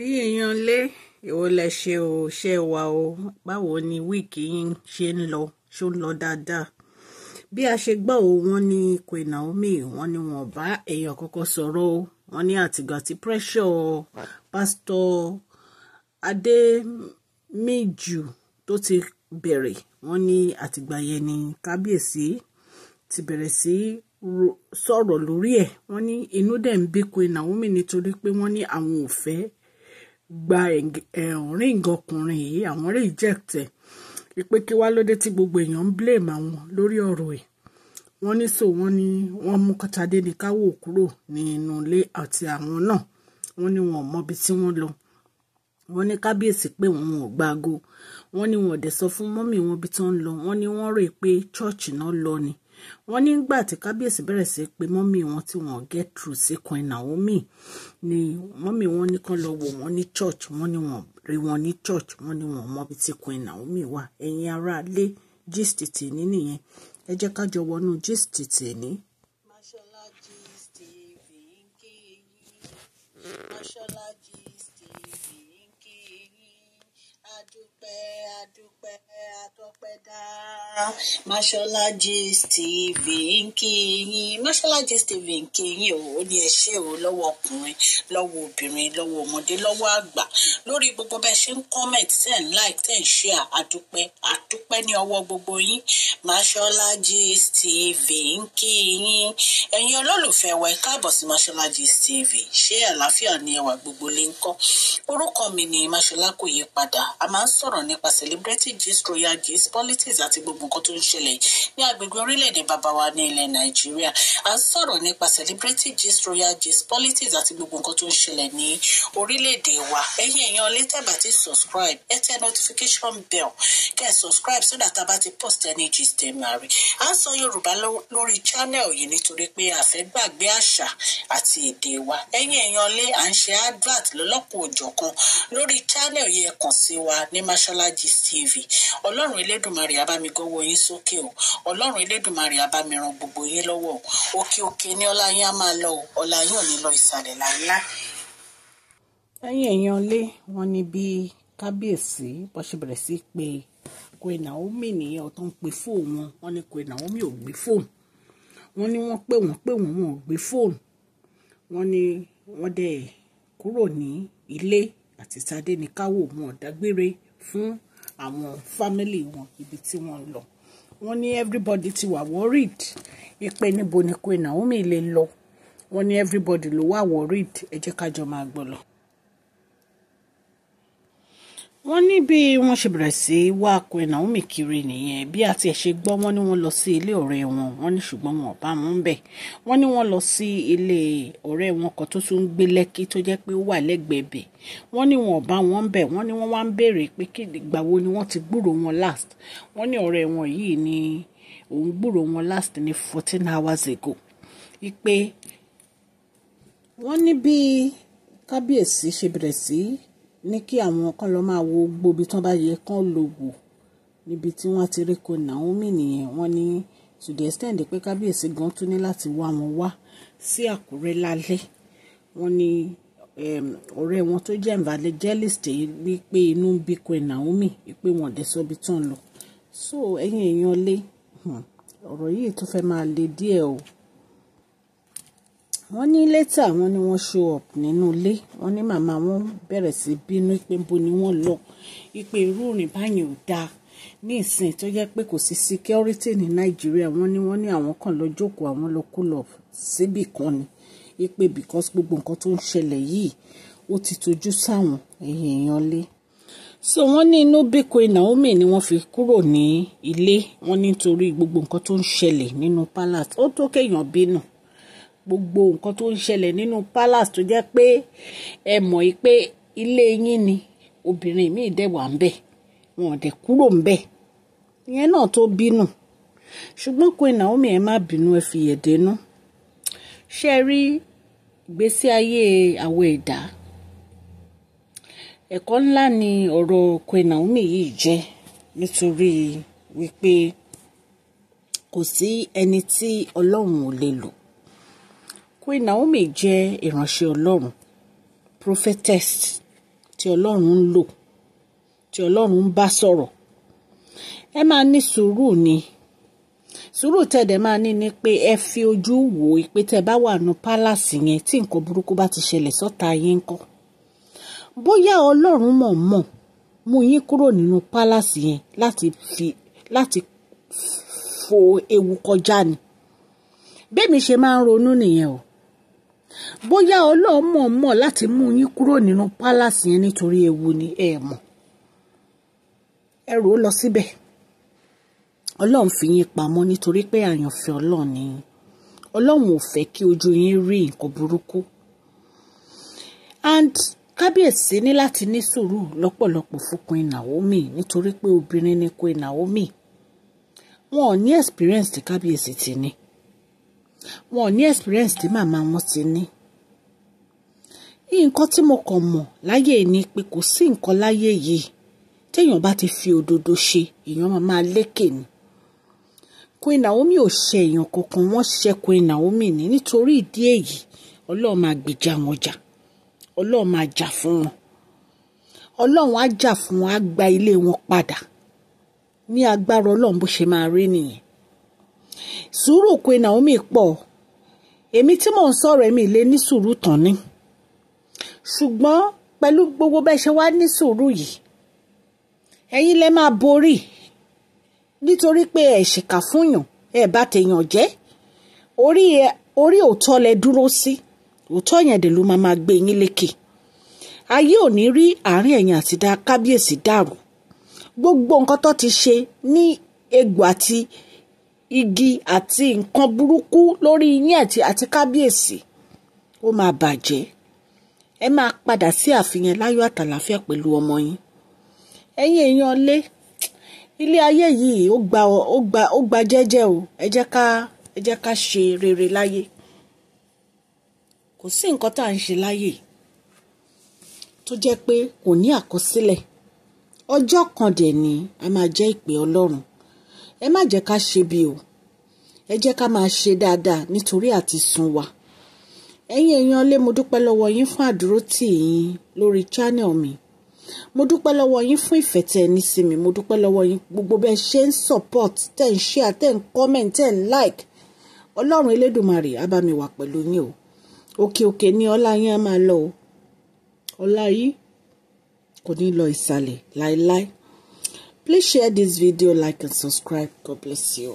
ẹ̀yin èèyàn lé èwo lẹ ṣe o ṣe wa o báwo ni wíìkì yín ṣe ń lọ ṣó ń lọ dáadáa bí a ṣe gbọ́ o wọ́n ní Queen Naomi wọ́n ní wọn bá èèyàn kọ́kọ́ sọ̀rọ̀ o wọ́n ní àtìgbà tí pressure pastor Adémíjù tó ti bẹ̀rẹ̀ wọ́n ní àtìgbà yẹn ni kábíyèsí ti bẹ̀rẹ̀ sí sọ̀rọ̀ lórí ẹ̀ wọ́n ní inú dẹ̀ ń bí Queen Naomi nítorí pé wọ́n ní àwọn ò fẹ́ gba ring ọkùnrin yìí àwọn reject ẹ̀ pé kí wá lóde tí gbogbo èèyàn ń blame àwọn lórí ọ̀rọ̀ ẹ̀ wọ́n ní so wọ́n ní wọ́n mú kọ́tadé ní káwọ́ kúrò nínú ilé àti àwọn náà wọ́n ní wọn ò mọbi tí wọ́n lọ wọ́n ní kábíyèsí pé wọn ò gbáago wọ́n ní wọn ò dẹ̀ sọ fún mọ́mì wọn bí tó ń lọ wọ́n ní wọ́n rò pé chọ́ọ̀chì náà lọ ni wọ́n nígbà tí kábíyèsí bẹ̀rẹ̀ sí pé mọ́mì wọn tí wọ́n get through sí Queen Naomi ni mọ́mì wọn ní kán lọ wò wọ́n ní church wọ́n ní wọ́n rí wọn ní church wọ́n ní wọ́n mọ́bi tí Naomi wa. ẹ̀yin ará lé gist tèmi nìyẹn ẹ jẹ́ ká jọ wọnú gist tèmi. Mashola Gist Mashola Gist TV ń kí yín Mashola Gist TV ń kí yín o ó ní ẹ ṣé o lọ́wọ́ ọkùnrin lọ́wọ́ obìnrin lọ́wọ́ ọmọdé lọ́wọ́ àgbà lórí gbogbo bẹ́ẹ̀ ṣe ń comment ten like ten share àdúpẹ́ àdúpẹ́ ní ọwọ́ gbogbo yín Mashola Gist TV ń kí yín ẹ̀yin olólùfẹ́ wa ẹ káàbọ̀ sí Mashola Gist TV ṣé àlàáfíà ni ẹwà gbogbo lè ń kọ́ orúkọ mi ni Mashola kò yí padà a máa ń sọ̀rọ̀ nípa celebrity gist royal gist politics àti gbogbo nǹkan tó ń ṣẹlẹ̀ ní agbègbè orílẹ̀-èdè bàbá wa ní ilẹ̀ nàìjíríà à ń sọ̀rọ̀ nípa celebrity gist royal gist politics àti gbogbo nǹkan tó ń ṣẹlẹ̀ ní orílẹ̀-èdè wa ẹ̀yin èèyàn létẹ̀bà ti subscribe ẹ tẹ notification bell kẹ́ ẹ subscribe so that a bá ti post any gist ẹ máa rí à ń sọ yorùbá lórí channel yìí nítorí pé a fẹ́ gbàgbé àṣà àti èdè wa ẹ̀yin èèyàn lé à ń ṣe advert lọ́lọ́kùn òjọ̀kan lórí channel yìí ẹ kàn sí wa ní mashola gist tv ọlọ́run elédùnmarè abamigan gbowó yín sókè o ọlọ́run elédùnmarè abamiran gbogbo yín lọ́wọ́ o òkè òkè ni ọlá yín á máa lọ o ọlá yín ò ní lọ ìsàlẹ̀ láyá. lẹ́yìn èèyàn lé wọn ní bí kábíyèsí bó ṣe bẹ̀rẹ̀ sí pé Queen Naomi nìyẹn tó ń pe fóònù wọn wọn ní Queen Naomi ò gbé fóònù wọn ní wọn pè wọn pè wọn wọn ò gbé fóònù wọn ní wọn dẹ̀ kúrò ní ilé àti ní káwọ wọn ò dágbére fún àwọn family wọn ibi tí wọ́n ń lọ wọ́n ní everybody ti wà worried ipe níbo ni Queen Naomi lè lọ wọ́n ní everybody ló wà worried ẹ jẹ́ ká jọ máa gbọ́ lọ wọ́n ní bí wọ́n ṣe bẹ̀rẹ̀ sí í wá Queen Naomi kiri nìyẹn bí àti ẹ̀ ṣe gbọ́ wọ́n ní wọ́n lọ sí ilé ọ̀rẹ́ wọn wọ́n ní ṣùgbọ́n wọn ò bá mú bẹ̀ wọ́n ní wọ́n lọ sí ilé ọ̀rẹ́ wọn kan tó tún ń gbé lẹ́kí tó jẹ́ pé ó wà lẹ́gbẹ̀ẹ́ bẹ̀ wọ́n ní wọn ò bá wọn bẹ̀ wọ́n ní wọ́n wá ń béèrè pé kí ìgbà wo ni wọ́n ti gbúrò wọn last wọ́n ní ọ̀rẹ́ wọn yìí ni òun gbúrò wọn last ní fourteen hours ago wípé wọ́n ní bí kábíyèsí ṣe bẹ̀rẹ̀ sí ní kí àwọn kan lọ máa wo gbòbí tán bá yẹ kán lò wò níbi tí wọ́n ti rí ko Naomi nìyẹn wọ́n ní to the extent pé kábíyèsí gan tún ní láti wá wọn wá sí Àkúrẹ́ lálẹ́ wọ́n ní ọ̀rẹ́ wọn tó jẹ́ evangelist rí pé inú ń bí Queen Naomi pé wọ́n dẹ̀ sọ ibi tán lọ so ẹ̀yin èèyàn lé hmm, ọ̀rọ̀ yìí tó fẹ́ máa le díẹ̀ o wọ́n ní létà wọ́n ní wọ́n show up nínú ilé wọ́n ní màmá wọn bẹ̀rẹ̀ sí bínú pé bo ni wọ́n lọ ipe irú òrìn báyìí ò dáa ní ìsìn tó jẹ́ pé kò sí security ní nàìjíríà wọ́n ní wọ́n ní àwọn kan lọ jókòó àwọn lọ kú lọ síbì kan ni ipe because gbogbo nǹkan tó ń ṣẹlẹ̀ yìí ó ti tojú sáwọn èèyàn lé so wọ́n ní inú bíkọ́ Naomi ni wọ́n fi kúrò ní ilé wọ́n nítorí gbogbo nǹkan tó ń ṣẹlẹ̀ nínú palace ó tó kéèyàn bínú gbogbo nǹkan tó ń ṣẹlẹ̀ nínú palace tó jẹ́ pé ẹ mọ̀ yìí pé ilé yín ni obìnrin mi dẹ̀ wà ń bẹ̀ wọn ò dẹ̀ kúrò ń bẹ̀ ìyẹn náà tó bínú ṣùgbọ́n Queen Naomi ẹ má bínú ẹ fi yẹ̀dẹ́nú ṣe rí ìgbésí ayé àwọn ẹ̀dá ẹ̀kọ́ ńlá ni ọ̀rọ̀ Queen Naomi yìí jẹ́ nítorí wípé kò sí ẹni tí ọlọ́run ò lè lò Queen Naomi jẹ́ ìránṣẹ́ Ọlọ́run prophetess tí Ọlọ́run ń lò tí Ọlọ́run ń bá sọ̀rọ̀ ẹ máa ní sùúrù ni sùúrù tẹ̀dẹ̀ máa ní ni pé ẹ fi ojú wò ó pé tẹ́ bá wà nù pálàsì yẹn tí nǹkan burúkú bá ti ṣẹlẹ̀ sọ́ta yín kọ́ bóyá Ọlọ́run mọ̀ mọ̀ mú yín kúrò nínú pálàsì yẹn láti fi láti fo ewu kọjá ni bẹ́ẹ̀ mi ṣe máa ń ronú nìyẹn o bóyá ọlọ́mọ̀ mọ̀ láti mú yín kúrò nínú pálásì yẹn nítorí ewu ni ẹ mọ̀ ẹrù ó lọ síbẹ̀ ọlọ́run fi yín pamọ́ nítorí pé àyànfẹ́ ọlọ́run ni ọlọ́run ò fẹ́ kí ojú yín rí nǹkan burúkú and kábíyèsí ní láti ní sùúrù lọ́pọ̀lọpọ̀ fún Queen Naomi nítorí pé obìnrin ni Queen Naomi wọn ò ní experience tí kábíyèsí ti ní wọn ò ní experience tí màmá wọn ti ní nǹkan tí mo kàn mọ̀ láyé ni pé kò sí nǹkan láyé yìí téèyàn bá ti fi òdodo ṣe èèyàn máa máa lékè ni Queen Naomi ò ṣe èèyàn kankan wọ́n ṣe Queen Naomi ni nítorí ìdí èyí ọlọ́run máa gbèjà wọn jà ọlọ́run máa jà fún wọn ọlọ́run á jà fún wọn á gba ilé wọn padà ní agbára ọlọ́run bó ṣe máa rí nìyẹn sùúrù Queen Naomi pọ̀ èmi tí mò ń sọ̀rọ̀ èmi lè ní sùúrù tán ni. Suru, ṣùgbọ́n pẹ̀lú gbogbo bẹ́ẹ̀ ṣe wá ní sùúrù yìí ẹ̀yin lẹ máa borí nítorí pé ẹ̀ ṣìkà fúnyàn ẹ̀ bá tèèyàn jẹ́ orí ẹ̀ orí òótọ́ lẹ dúró sí òótọ́ yẹn dè ló máa gbé yín lékè ayé ò rí àárín ẹ̀yin àti kábíyèsí dàrú gbogbo nǹkan tó ti ṣe ní egbò àti igi àti nǹkan burúkú lórí yín àti àti kábíyèsí ó máa bàjẹ́ ẹ máa padà sí àfihàn láyọ̀ àtàlàfíà pẹ̀lú ọmọ yín ẹ̀yin èèyàn lé ilé ayé yìí ó gba ó gba ó gba jẹ́jẹ́ o ẹ jẹ́ ká ẹ jẹ́ ká ṣe rere láyé kò sí nǹkan tá à ń ṣe láyé tó jẹ́ pé kò ní àkọsílẹ̀ ọjọ́ kan dẹ̀ ni a máa jẹ́ ìpè ọlọ́run ẹ má jẹ́ ká ṣe bí o ẹ jẹ́ ká máa ṣe dáadáa nítorí àti sun wa ẹ̀yin èèyàn lé mo dúpẹ́ lọ́wọ́ yín fún àdúrótì yín lórí channel mi mo dúpẹ́ lọ́wọ́ yín fún ìfẹ́ tẹ́ ẹ ní sí mo dúpẹ́ lọ́wọ́ yín gbogbo bẹ́ẹ̀ ṣe ń support tẹ́ ń share tẹ́ ń comment tẹ́ ń like ọlọ́run elédùnmarè á bá mi wà pẹ̀lú yín o òkè òkè ni ọlá yín á máa lọ o ọlá yìí kò ní lọ ìsàlẹ̀ láéláé please share this video like and subscribe god bless you.